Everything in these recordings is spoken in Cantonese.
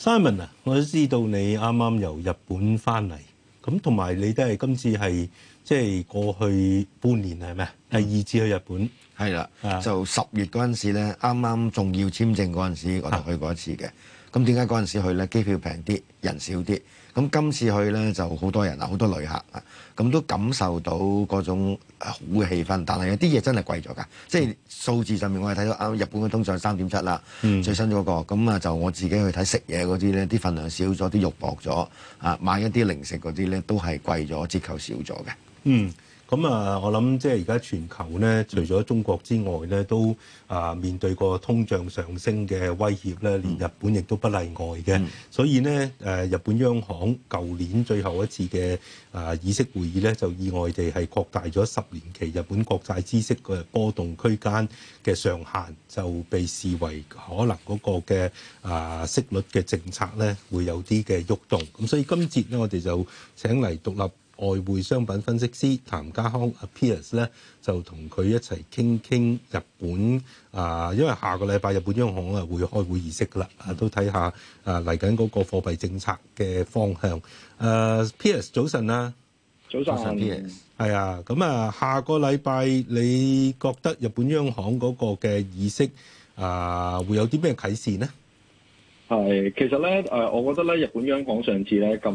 Simon 啊，我都知道你啱啱由日本翻嚟，咁同埋你都係今次係即係過去半年係咩？嗯、第二次去日本？係啦，就十月嗰陣時咧，啱啱仲要簽證嗰陣時，我就去過一次嘅。咁點解嗰陣時去呢？機票平啲，人少啲？咁今次去呢，就好多人啊，好多旅客啊，咁都感受到嗰種好嘅氣氛。但係有啲嘢真係貴咗㗎，嗯、即係數字上面我係睇到日本嘅通漲三點七啦，最新嗰個。咁啊就我自己去睇食嘢嗰啲呢，啲份量少咗，啲肉薄咗啊，買一啲零食嗰啲呢，都係貴咗，折扣少咗嘅。嗯。咁啊，我諗即係而家全球咧，除咗中國之外咧，都啊面對過通脹上升嘅威脅咧，連日本亦都不例外嘅。嗯、所以咧，誒、啊，日本央行舊年最後一次嘅啊議息會議咧，就意外地係擴大咗十年期日本國債孳息嘅波動區間嘅上限，就被視為可能嗰個嘅啊息率嘅政策咧會有啲嘅喐動。咁所以今節咧，我哋就請嚟獨立。外匯商品分析師譚家康啊，Piers 咧就同佢一齊傾傾日本啊、呃，因為下個禮拜日本央行啊會開會議息噶啦，啊都睇下啊嚟緊嗰個貨幣政策嘅方向。誒、呃、Piers 早晨啊，早晨，Piers，係啊，咁啊，下個禮拜你覺得日本央行嗰個嘅議息啊、呃、會有啲咩啟示呢？係，其實咧，誒、呃，我覺得咧，日本央行上次咧咁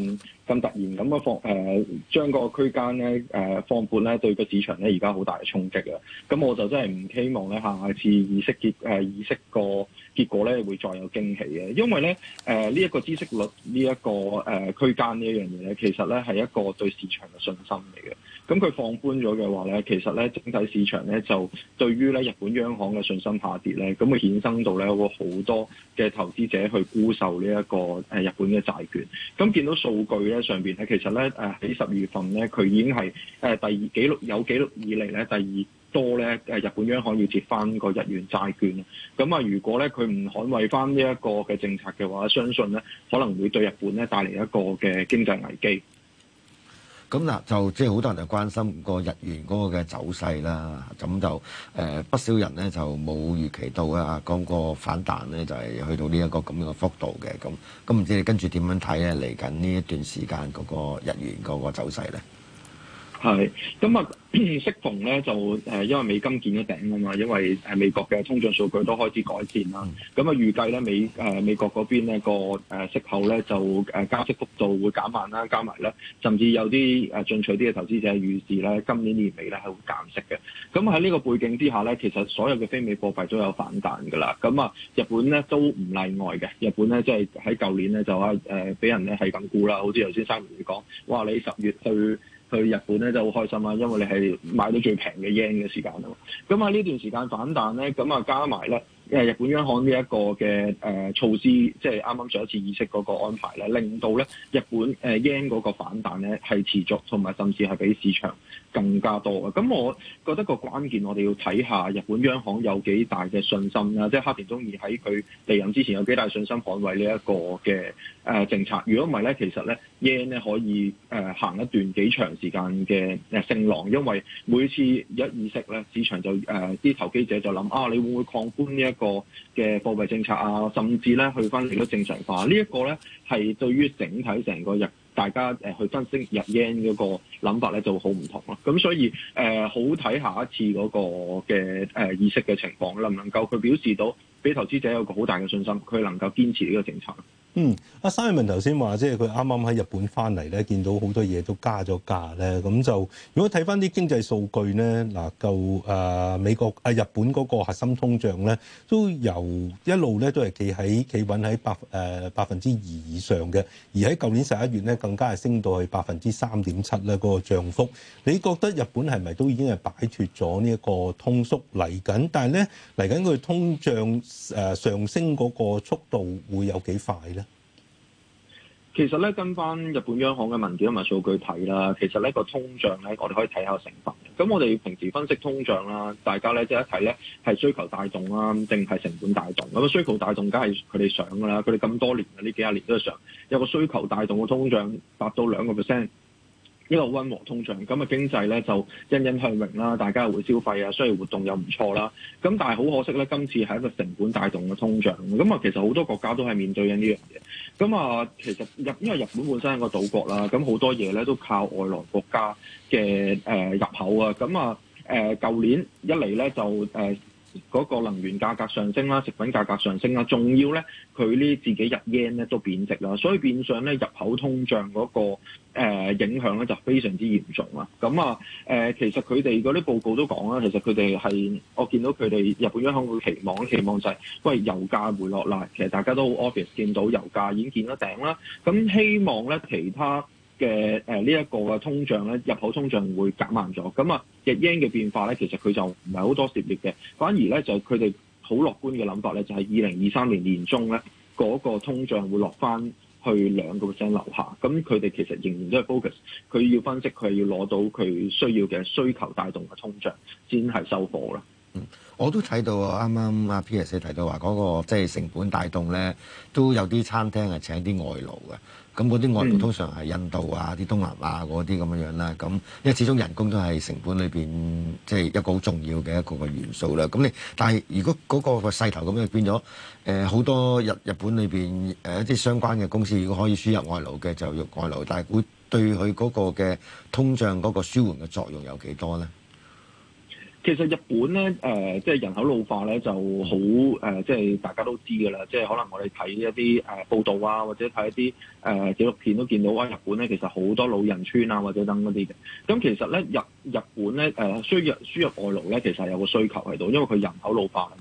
咁突然咁樣放，誒、呃，將個區間咧，誒、呃，放寬咧，對個市場咧，而家好大嘅衝擊啊！咁我就真係唔希望咧，下次議息結，誒、呃，議息個結果咧，會再有驚喜嘅，因為咧，誒、呃，呢、這、一個孳息率，呢、這、一個誒區間呢一樣嘢咧，其實咧係一個對市場嘅信心嚟嘅。咁佢放寬咗嘅話咧，其實咧整體市場咧就對於咧日本央行嘅信心下跌咧，咁佢衍生到咧會好多嘅投資者去沽售呢、這、一個誒、呃、日本嘅債券。咁、嗯、見到數據咧上邊咧，其實咧誒喺十二月份咧，佢已經係誒、呃、第二紀錄有紀錄以嚟咧第二多咧誒日本央行要接翻個日元債券。咁、嗯、啊，如果咧佢唔捍衞翻呢一個嘅政策嘅話，相信咧可能會對日本咧帶嚟一個嘅經濟危機。咁嗱，就即係好多人就關心個日元嗰個嘅走勢啦。咁就誒不少人咧就冇預期到啊，講個反彈咧就係去到呢一個咁樣嘅幅度嘅。咁咁唔知你跟住點樣睇咧？嚟緊呢一段時間嗰個日元嗰個走勢咧？係，咁啊，適、嗯、逢咧就誒、呃，因為美金見咗頂啊嘛，因為誒、呃、美國嘅通脹數據都開始改善啦。咁、嗯、啊、嗯呃、預計咧美誒、呃、美國嗰邊咧個、呃、息口咧就誒加息幅度會減慢啦，加埋咧甚至有啲誒進取啲嘅投資者預示咧今年年尾咧係會減息嘅。咁喺呢個背景之下咧，其實所有嘅非美貨幣都有反彈㗎啦。咁啊日本咧都唔例外嘅，日本咧即係喺舊年咧就話誒俾人咧係咁估啦，好似楊先生講，哇，哇你十月去。去日本咧就好開心啦，因為你係買到最平嘅 yen 嘅時間。咁喺呢段時間反彈咧，咁啊加埋咧。誒，日本央行呢一個嘅誒措施，即係啱啱上一次議息嗰個安排咧，令到咧日本誒 yen 嗰個反彈咧係持續，同埋甚至係比市場更加多嘅。咁我覺得個關鍵我哋要睇下日本央行有幾大嘅信心啦，即係黑田中二喺佢離任之前有幾大信心捍衞呢一個嘅誒政策。如果唔係咧，其實咧 yen 咧可以誒行一段幾長時間嘅誒升浪，因為每次一議息咧，市場就誒啲、啊、投機者就諗啊，你會唔會擴寬呢一個嘅貨幣政策啊，甚至咧去翻嚟都正常化，呢一個咧係對於整體成個日大家誒去分析日 yen 嗰個諗、呃、法咧就好唔同咯。咁所以誒、呃，好睇下一次嗰個嘅誒、呃、議息嘅情況，能唔能夠佢表示到俾投資者有個好大嘅信心，佢能夠堅持呢個政策。嗯，阿 Simon 頭先話，即係佢啱啱喺日本返嚟咧，見到好多嘢都加咗價咧，咁就如果睇返啲經濟數據咧，嗱，就誒美國啊日本嗰個核心通脹咧，都由一路咧都係企喺企穩喺百誒、呃、百分之二以上嘅，而喺舊年十一月咧，更加係升到去百分之三點七咧，嗰、那個漲幅。你覺得日本係咪都已經係擺脫咗呢一個通縮嚟緊？但係咧嚟緊佢通脹誒上升嗰個速度會有幾快咧？其實咧，跟翻日本央行嘅文件同埋數據睇啦，其實呢個通脹咧，我哋可以睇下成分。咁我哋平時分析通脹啦，大家咧即係一睇咧，係需求帶動啦，定係成本帶動？咁需求帶動梗係佢哋想㗎啦，佢哋咁多年啊呢幾廿年都係想，有個需求帶動嘅通脹達，達到兩個 percent。一路溫和通脹，咁啊經濟咧就欣欣向榮啦，大家又會消費啊，商業活動又唔錯啦。咁但係好可惜咧，今次係一個成本帶動嘅通脹，咁啊其實好多國家都係面對緊呢樣嘢。咁啊其實日因為日本本身係個島國啦，咁好多嘢咧都靠外來國家嘅誒入口啊。咁啊誒舊年一嚟咧就誒。嗰個能源價格上升啦，食品價格上升啦，仲要咧佢呢自己入 yen 咧都貶值啦，所以變相咧入口通脹嗰、那個、呃、影響咧就非常之嚴重啦。咁啊誒、呃，其實佢哋嗰啲報告都講啦，其實佢哋係我見到佢哋日本央行佢期望期望就係，喂油價回落啦，其實大家都好 obvious 見到油價已經見到頂啦，咁希望咧其他。嘅誒、呃這個、呢一個嘅通脹咧，入口通脹會減慢咗。咁啊，日圓嘅變化咧，其實佢就唔係好多涉獵嘅，反而咧就佢哋好樂觀嘅諗法咧，就係二零二三年年中咧，嗰、那個通脹會落翻去兩個 percent 樓下。咁佢哋其實仍然都係 focus，佢要分析，佢要攞到佢需要嘅需求帶動嘅通脹，先係收貨啦。嗯，我都睇到啱啱阿 P S 提到話嗰、那個即係成本帶動咧，都有啲餐廳係請啲外勞嘅。咁嗰啲外勞通常係印度啊、啲東南亞嗰啲咁樣樣啦，咁因為始終人工都係成本裏邊，即係一個好重要嘅一個個元素啦。咁你但係如果嗰個個勢頭咁樣變咗，誒、呃、好多日日本裏邊誒一啲相關嘅公司如果可以輸入外勞嘅，就用外勞，但係會對佢嗰個嘅通脹嗰個舒緩嘅作用有幾多咧？其實日本咧，誒、呃、即係人口老化咧就好，誒、呃、即係大家都知嘅啦。即係可能我哋睇一啲誒、呃、報道啊，或者睇一啲誒、呃、紀錄片都見到啊。日本咧其實好多老人村啊，或者等嗰啲嘅。咁其實咧日日本咧誒、呃、輸入輸入外勞咧，其實有個需求喺度，因為佢人口老化。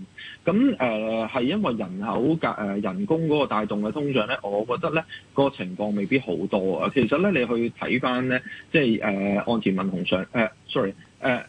咁誒係因為人口嘅誒、呃、人工嗰個帶動嘅通脹咧，我覺得咧，個情況未必好多啊。其實咧你去睇翻咧，即係誒岸田文雄上誒、呃、，sorry 誒、呃。呃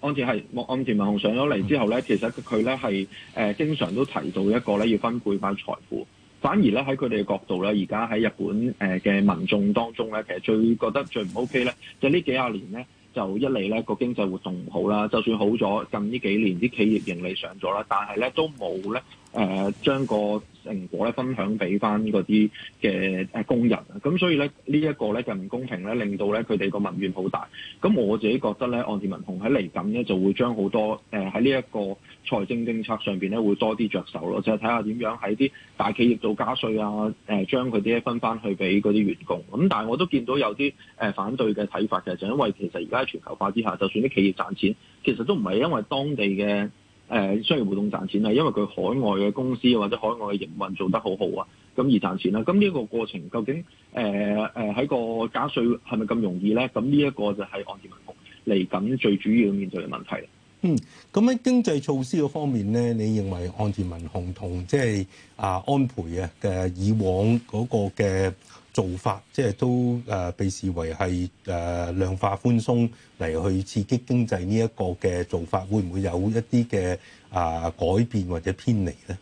岸田係，岸田文雄上咗嚟之後咧，其實佢咧係誒經常都提到一個咧，要分配翻財富。反而咧喺佢哋嘅角度咧，而家喺日本誒嘅民眾當中咧，其實最覺得最唔 OK 咧，就幾呢幾廿年咧，就一嚟咧個經濟活動唔好啦，就算好咗，近呢幾年啲企業盈利上咗啦，但係咧都冇咧誒將個。呃成果咧分享俾翻嗰啲嘅誒工人啊，咁所以咧呢一、這個咧就唔公平咧，令到咧佢哋個民怨好大。咁我自己覺得咧，岸田文雄喺嚟緊咧就會將好多誒喺呢一個財政政策上邊咧會多啲着手咯，就係睇下點樣喺啲大企業做加稅啊，誒、呃、將佢啲分翻去俾嗰啲員工。咁、嗯、但係我都見到有啲誒、呃、反對嘅睇法嘅，就是、因為其實而家全球化之下，就算啲企業賺錢，其實都唔係因為當地嘅。誒商業活動賺錢啊，因為佢海外嘅公司或者海外嘅營運做得好好啊，咁而賺錢啦。咁呢一個過程究竟誒誒喺個加稅係咪咁容易咧？咁呢一個就係岸田文雄嚟緊最主要面對嘅問題。嗯，咁喺經濟措施嘅方面咧，你認為岸田文雄同即係啊安倍啊嘅以往嗰個嘅做法即係都誒被視為係誒量化寬鬆嚟去刺激經濟呢一個嘅做法，會唔會有一啲嘅誒改變或者偏離咧？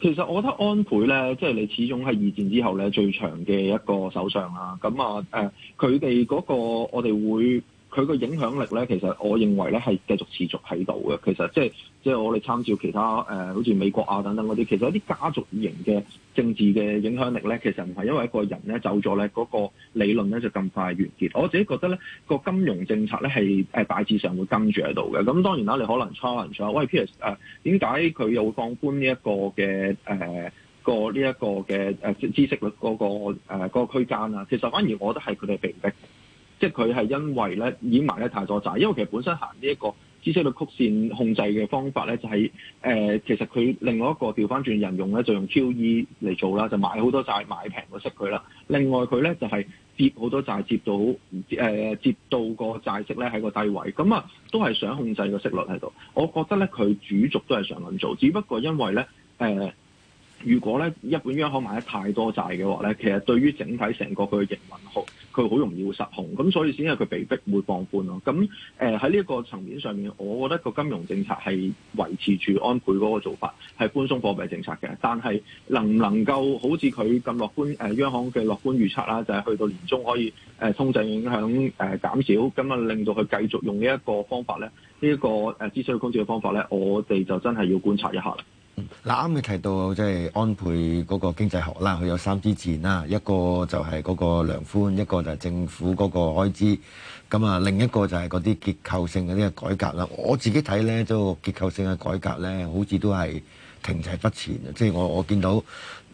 其實我覺得安倍咧，即係你始終係二戰之後咧最長嘅一個首相啦。咁啊誒佢哋嗰個我哋會。佢個影響力咧，其實我認為咧，係繼續持續喺度嘅。其實即係即係我哋參照其他誒，好、呃、似美國啊等等嗰啲，其實一啲家族型嘅政治嘅影響力咧，其實唔係因為一個人咧走咗咧，嗰、嗰個理論咧就咁快完結。我自己覺得咧，嗰個金融政策咧係誒大致上會跟住喺度嘅。咁當然啦，你可能 challenge 咗，喂，Piers 誒、呃、點解佢又會放寬呢一個嘅誒、呃這個呢一、呃這個嘅誒、呃、知識率、那、嗰個誒嗰個區間啊？其實反而我覺得係佢哋被逼。即係佢係因為咧，掩埋咧太多債，因為其實本身行呢一個孳息率曲線控制嘅方法咧，就係、是、誒、呃，其實佢另外一個調翻轉人用咧，就用 QE 嚟做啦，就買好多債買平個息佢啦。另外佢咧就係、是、接好多債，接到誒、呃、接到個債息咧喺個低位，咁啊都係想控制個息率喺度。我覺得咧，佢主軸都係想咁做，只不過因為咧誒。呃如果咧日本央行買得太多債嘅話咧，其實對於整體成個佢嘅營運好，佢好容易會失控，咁所以先係佢被迫會放寬咯。咁誒喺呢一個層面上面，我覺得個金融政策係維持住安倍嗰個做法，係寬鬆貨幣政策嘅，但係能唔能夠好似佢咁樂觀誒央行嘅樂觀預測啦，就係、是、去到年中可以誒通脹影響誒減少，咁啊令到佢繼續用呢一個方法咧，呢、這、一個誒資產控制嘅方法咧，我哋就真係要觀察一下啦。嗱啱你提到即係安倍嗰個經濟學啦，佢有三支箭啦，一個就係嗰個量寬，一個就係政府嗰個開支，咁啊另一個就係嗰啲結構性嗰啲嘅改革啦。我自己睇咧，即個結構性嘅改革咧，好似都係。停滯不前啊！即係我我見到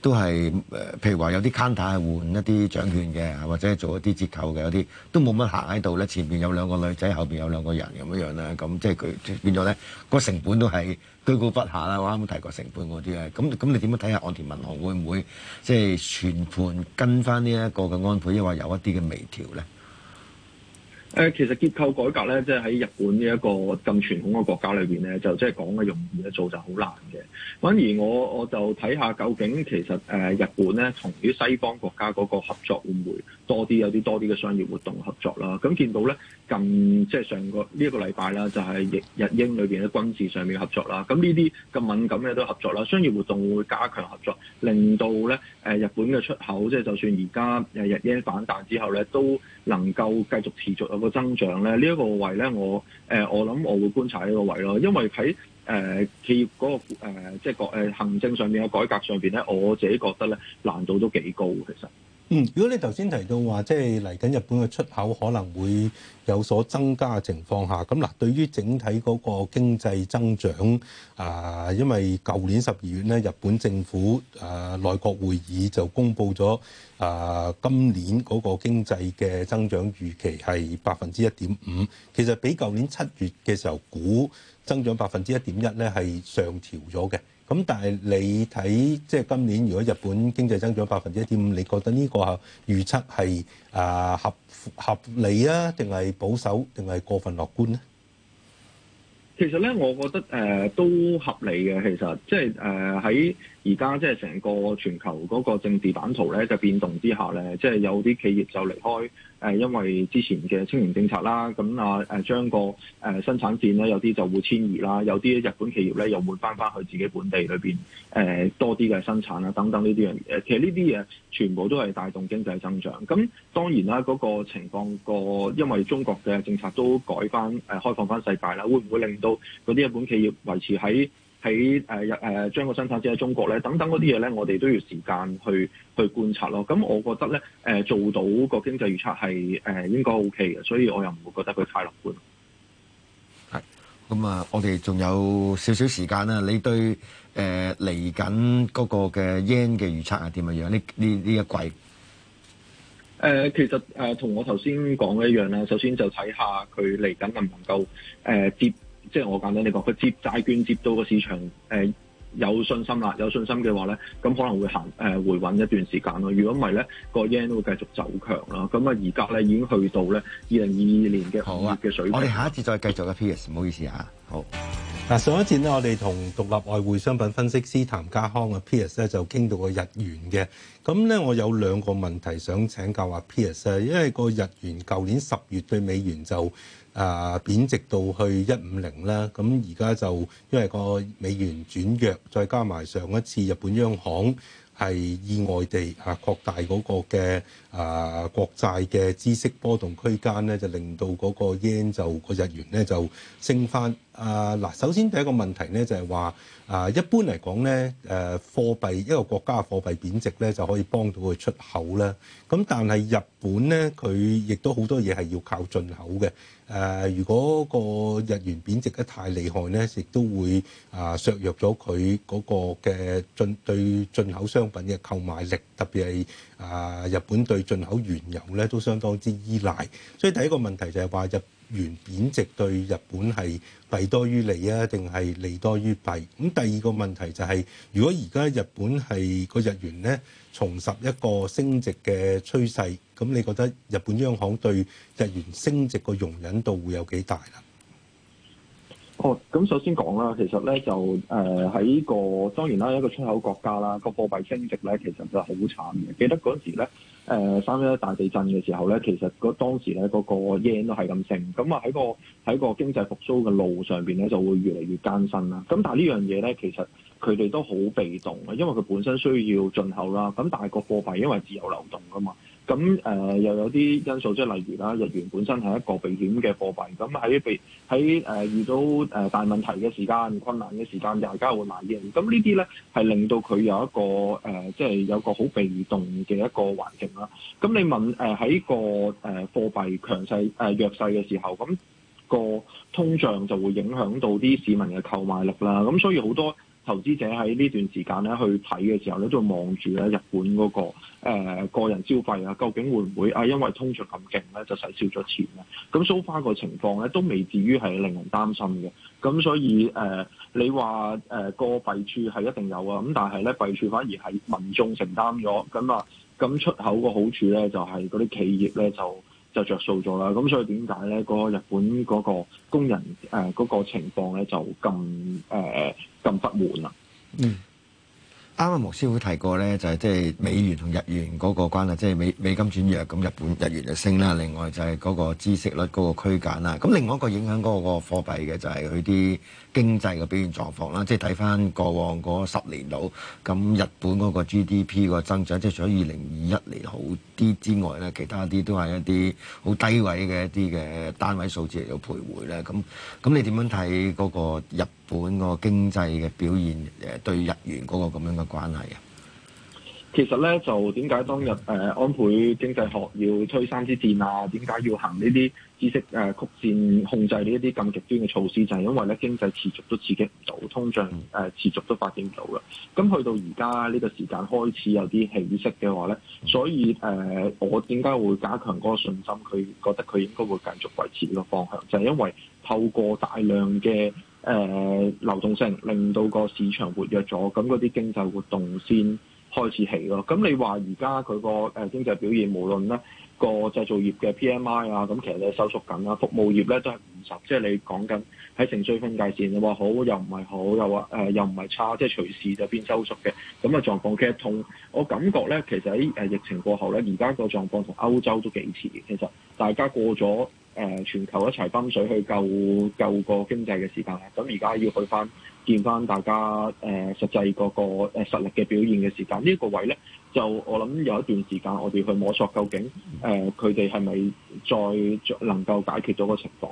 都係誒、呃，譬如話有啲 counter 係換一啲獎券嘅，或者做一啲折扣嘅，有啲都冇乜行喺度咧。前面有兩個女仔，後邊有兩個人咁樣樣啦。咁即係佢變咗咧，個成本都係居高不下啦。我啱啱提過成本嗰啲啊。咁咁你點樣睇下安田銀行會唔會即係、就是、全盤跟翻呢一個嘅安配，抑或有一啲嘅微調咧？誒、呃、其實結構改革咧，即係喺日本呢一個咁傳統嘅國家裏邊咧，就即係講嘅容易，一做就好難嘅。反而我我就睇下究竟其實誒、呃、日本咧，同於西方國家嗰個合作會唔會？多啲有啲多啲嘅商業活動合作啦，咁見到咧近即係上個呢一個禮拜啦，就係日日英裏邊嘅軍事上面嘅合作啦，咁呢啲咁敏感嘅都合作啦，商業活動會加強合作，令到咧誒日本嘅出口，即係就算而家誒日英反彈之後咧，都能夠繼續持續有個增長咧。呢一個位咧，我誒我諗我會觀察呢個位咯，因為喺誒、呃、企業嗰個誒即係國誒行政上面嘅改革上邊咧，我自己覺得咧難度都幾高，其實。如果你頭先提到話，即係嚟緊日本嘅出口可能會有所增加嘅情況下，咁嗱，對於整體嗰個經濟增長啊、呃，因為舊年十二月咧，日本政府啊內、呃、閣會議就公布咗啊、呃、今年嗰個經濟嘅增長預期係百分之一點五，其實比舊年七月嘅時候估增長百分之一點一咧係上調咗嘅。咁但係你睇，即係今年如果日本經濟增長百分之一點五，你覺得呢個預測係啊合合理啊，定係保守，定係過分樂觀呢？其實咧，我覺得誒、呃、都合理嘅。其實即係誒喺而家，即係成個全球嗰個政治版圖咧就變動之下咧，即係有啲企業就離開。誒，因為之前嘅清零政策啦，咁啊誒，將個誒生產線咧，有啲就會遷移啦，有啲日本企業咧又會翻翻去自己本地裏邊誒多啲嘅生產啦，等等呢啲樣嘢，其實呢啲嘢全部都係帶動經濟增長。咁當然啦，嗰、那個情況個，因為中國嘅政策都改翻誒開放翻世界啦，會唔會令到嗰啲日本企業維持喺？喺誒誒將個生產者喺中國咧，等等嗰啲嘢咧，我哋都要時間去去觀察咯。咁、嗯、我覺得咧，誒、呃、做到個經濟預測係誒、呃、應該 O K 嘅，所以我又唔會覺得佢太樂觀。係咁啊！我哋仲有少少時間啦。你對誒嚟緊嗰個嘅 yen 嘅預測係點樣樣？呢呢呢一季？誒、呃、其實誒同、呃、我頭先講嘅一樣啦。首先就睇下佢嚟緊能唔能夠誒跌。呃即係我簡單你講，佢接債券接到個市場，誒有信心啦，有信心嘅話咧，咁可能會行誒、呃、回穩一段時間咯。如果唔係咧，個 yen 都會繼續走強啦。咁啊，而家咧已經去到咧二零二二年嘅五月嘅水平，啊。我哋下一次再繼續嘅 Piers，唔好意思嚇、啊，好。嗱，上一節咧，我哋同獨立外匯商品分析師譚家康啊 Pierce 咧就傾到個日元嘅。咁咧我有兩個問題想請教下 Pierce 啊，因為個日元舊年十月對美元就啊貶值到去一五零啦，咁而家就因為個美元轉弱，再加埋上，上一次日本央行係意外地啊擴大嗰個嘅。啊，國債嘅孳息波動區間咧，就令到嗰個 yen 就個日元咧就、那個、就升翻。啊，嗱，首先第一個問題咧就係、是、話啊，一般嚟講咧，誒貨幣一個國家貨幣貶值咧，就可以幫到佢出口啦。咁、啊、但係日本咧，佢亦都好多嘢係要靠進口嘅。誒、啊。如果個日元貶值得太厲害咧，亦都會啊削弱咗佢嗰個嘅進對進口商品嘅購買力，特別係啊日本對。進口原油咧都相當之依賴，所以第一個問題就係話日元貶值對日本係弊多於利啊，定係利多於弊？咁、嗯、第二個問題就係、是，如果而家日本係個日元咧重拾一個升值嘅趨勢，咁你覺得日本央行對日元升值個容忍度會有幾大啦？哦，咁首先講啦，其實咧就誒喺、呃個當然啦，一個出口國家啦，個貨幣升值咧其實就好慘嘅。記得嗰時咧。誒、呃、三一一大地震嘅時候咧，其實嗰當時咧嗰、那個 yen 都係咁升咁啊。喺個喺個經濟復甦嘅路上邊咧，就會越嚟越艱辛啦。咁但係呢樣嘢咧，其實佢哋都好被動啊，因為佢本身需要進口啦。咁但係個貨幣因為自由流動噶嘛。咁誒、嗯呃、又有啲因素，即係例如啦，日圓本身係一個避險嘅貨幣，咁喺避喺誒遇到誒大問題嘅時間、困難嘅時間，大家會買嘢。咁、嗯、呢啲咧係令到佢有一個誒、呃，即係有個好被動嘅一個環境啦。咁、嗯、你問誒喺、呃、個誒、呃、貨幣強勢誒弱勢嘅時候，咁、嗯個通脹就會影響到啲市民嘅購買力啦。咁、嗯嗯、所以好多。投資者喺呢段時間咧去睇嘅時候咧，都望住咧日本嗰、那個誒、呃、個人消費啊，究竟會唔會啊？因為通脹咁勁咧，就使少咗錢咧。咁 so far 個情況咧都未至於係令人擔心嘅。咁所以誒、呃，你話誒、呃、個弊處係一定有啊。咁但係咧，弊處反而係民眾承擔咗咁啊。咁出口個好處咧，就係嗰啲企業咧就。就着數咗啦，咁所以點解咧？嗰個日本嗰個工人誒嗰、呃嗰個情況咧就咁誒咁不滿啦？嗯。啱啱牧師傅提過咧，就係即係美元同日元嗰個關係，即係美美金轉弱，咁日本日元就升啦。另外就係嗰個資息率嗰個區間啦。咁另外一個影響嗰個貨幣嘅就係佢啲經濟嘅表現狀況啦。即係睇翻過往嗰十年度，咁日本嗰個 GDP 個增長，即係除咗二零二一年好啲之外咧，其他啲都係一啲好低位嘅一啲嘅單位數字嚟到徘徊咧。咁咁你點樣睇嗰個日本個經濟嘅表現誒、呃，對日元嗰個咁樣嘅關係啊，其實咧就點解當日誒、呃、安倍經濟學要推三支箭啊？點解要行呢啲孳息誒曲線控制呢一啲咁極端嘅措施？就係、是、因為咧經濟持續都刺激唔到，通脹誒、呃、持續都發展唔到啦。咁去到而家呢個時間開始有啲起色嘅話咧，所以誒、呃、我點解會加強嗰個信心？佢覺得佢應該會繼續維持呢個方向，就係、是、因為透過大量嘅。誒、呃、流動性令到個市場活躍咗，咁嗰啲經濟活動先開始起咯。咁你話而家佢個誒經濟表現，無論咧個製造業嘅 PMI 啊，咁其實都收縮緊啦。服務業咧都係五十，即係你講緊喺盛衰分界線，話好又唔係好，又話誒又唔係、呃、差，即係隨時就變收縮嘅咁嘅狀況。其實同我感覺咧，其實喺誒疫情過後咧，而家個狀況同歐洲都幾似。其實大家過咗。誒、呃、全球一齊泵水去救救個經濟嘅時間咧，咁而家要去翻見翻大家誒實際個個誒實力嘅表現嘅時間，呢、啊、一、呃那個、呃那個、這個位咧就我諗有一段時間我哋去摸索究竟誒佢哋係咪再能夠解決到個情況。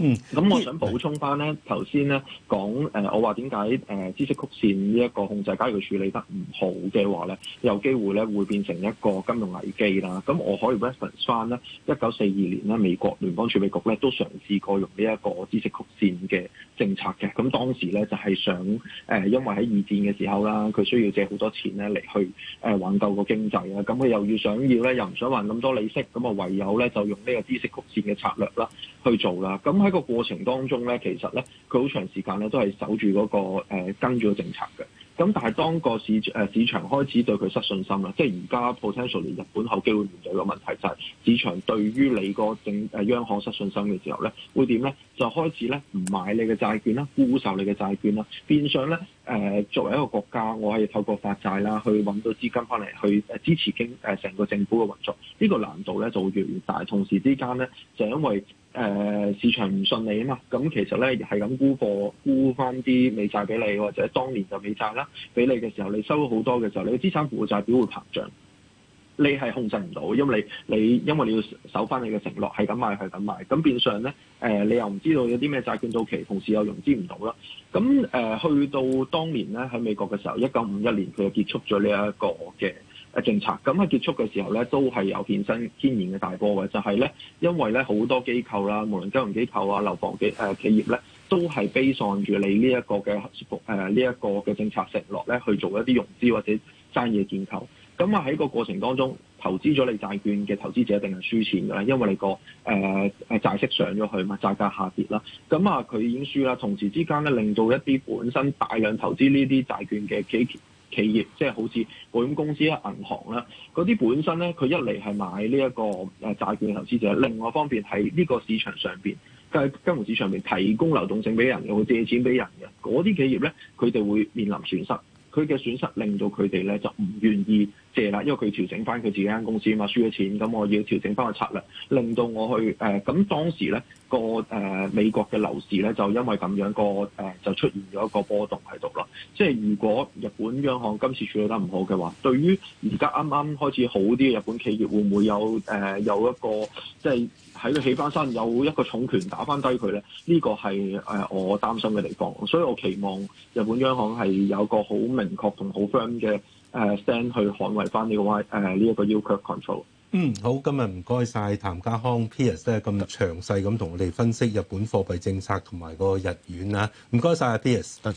嗯，咁我想補充翻咧，頭先咧講誒，我話點解誒孳息曲線呢一個控制，假如佢處理得唔好嘅話咧，有機會咧會變成一個金融危機啦。咁我可以 reference 翻咧，一九四二年咧，美國聯邦儲備局咧都嘗試過用呢一個孳息曲線嘅政策嘅。咁當時咧就係、是、想誒、呃，因為喺二戰嘅時候啦，佢需要借好多錢咧嚟去誒、呃、挽救個經濟啦。咁佢又要想要咧，又唔想還咁多利息，咁啊唯有咧就用呢個孳息曲線嘅策略啦去做啦。咁喺個過程當中咧，其實咧佢好長時間咧都係守住嗰、嗰個、呃、跟住個政策嘅。咁但係當個市誒、呃、市場開始對佢失信心啦，即係而家 potentially 日本好機會面對嘅問題就係市場對於你個政誒央行失信心嘅時候咧，會點咧？就開始咧唔買你嘅債券啦，沽售你嘅債券啦，變相咧誒、呃、作為一個國家，我可以透過發債啦，去揾到資金翻嚟去誒支持經誒成個政府嘅運作。呢、這個難度咧就會越嚟越大，同時之間咧就因為誒、呃、市場唔順利啊嘛，咁其實咧係咁沽貨沽翻啲美債俾你，或者當年就美債啦俾你嘅時候，你收咗好多嘅時候，你嘅資產負債表會膨脹。你係控制唔到，因為你你因為你要守翻你嘅承諾，係咁買，係咁買，咁變相咧誒、呃，你又唔知道有啲咩債券到期，同時又融資唔到啦。咁誒、呃、去到當年咧喺美國嘅時候，一九五一年佢就結束咗呢一個嘅誒政策。咁喺結束嘅時候咧，都係有變身軒然嘅大波嘅，就係、是、咧因為咧好多機構啦，無論金融機構啊、樓房嘅誒、呃、企業咧，都係悲喪住你呢一個嘅誒呢一個嘅政策承諾咧，去做一啲融資或者生意嘅建構。咁啊喺個過程當中，投資咗你債券嘅投資者，一定係輸錢㗎喇。因為你個誒、呃、債息上咗去，咪債價下跌啦。咁啊，佢已經輸啦。同時之間咧，令到一啲本身大量投資呢啲債券嘅企業，企業即係好似保險公司啦、銀行啦嗰啲本身咧，佢一嚟係買呢一個誒債券嘅投資者，另外方面喺呢個市場上邊，即係金融市場邊提供流動性俾人，又會借錢俾人嘅，嗰啲企業咧，佢哋會面臨損失。佢嘅損失令到佢哋咧就唔願意借啦，因為佢調整翻佢自己間公司啊嘛，輸咗錢，咁我要調整翻個策略，令到我去誒咁、呃、當時咧個誒、呃、美國嘅樓市咧就因為咁樣個誒、呃、就出現咗一個波動喺度咯。即係如果日本央行今次處理得唔好嘅話，對於而家啱啱開始好啲嘅日本企業會唔會有誒、呃、有一個即係？喺佢起翻身，有一個重拳打翻低佢咧，呢、這個係誒我擔心嘅地方，所以我期望日本央行係有個好明確同好 firm 嘅誒聲去捍衞翻呢個 Y 誒呢一個 U curve control。嗯，好，今日唔該晒譚家康 Piers 咧咁詳細咁同我哋分析日本貨幣政策同埋個日元啊，唔該曬 Piers。多謝，謝。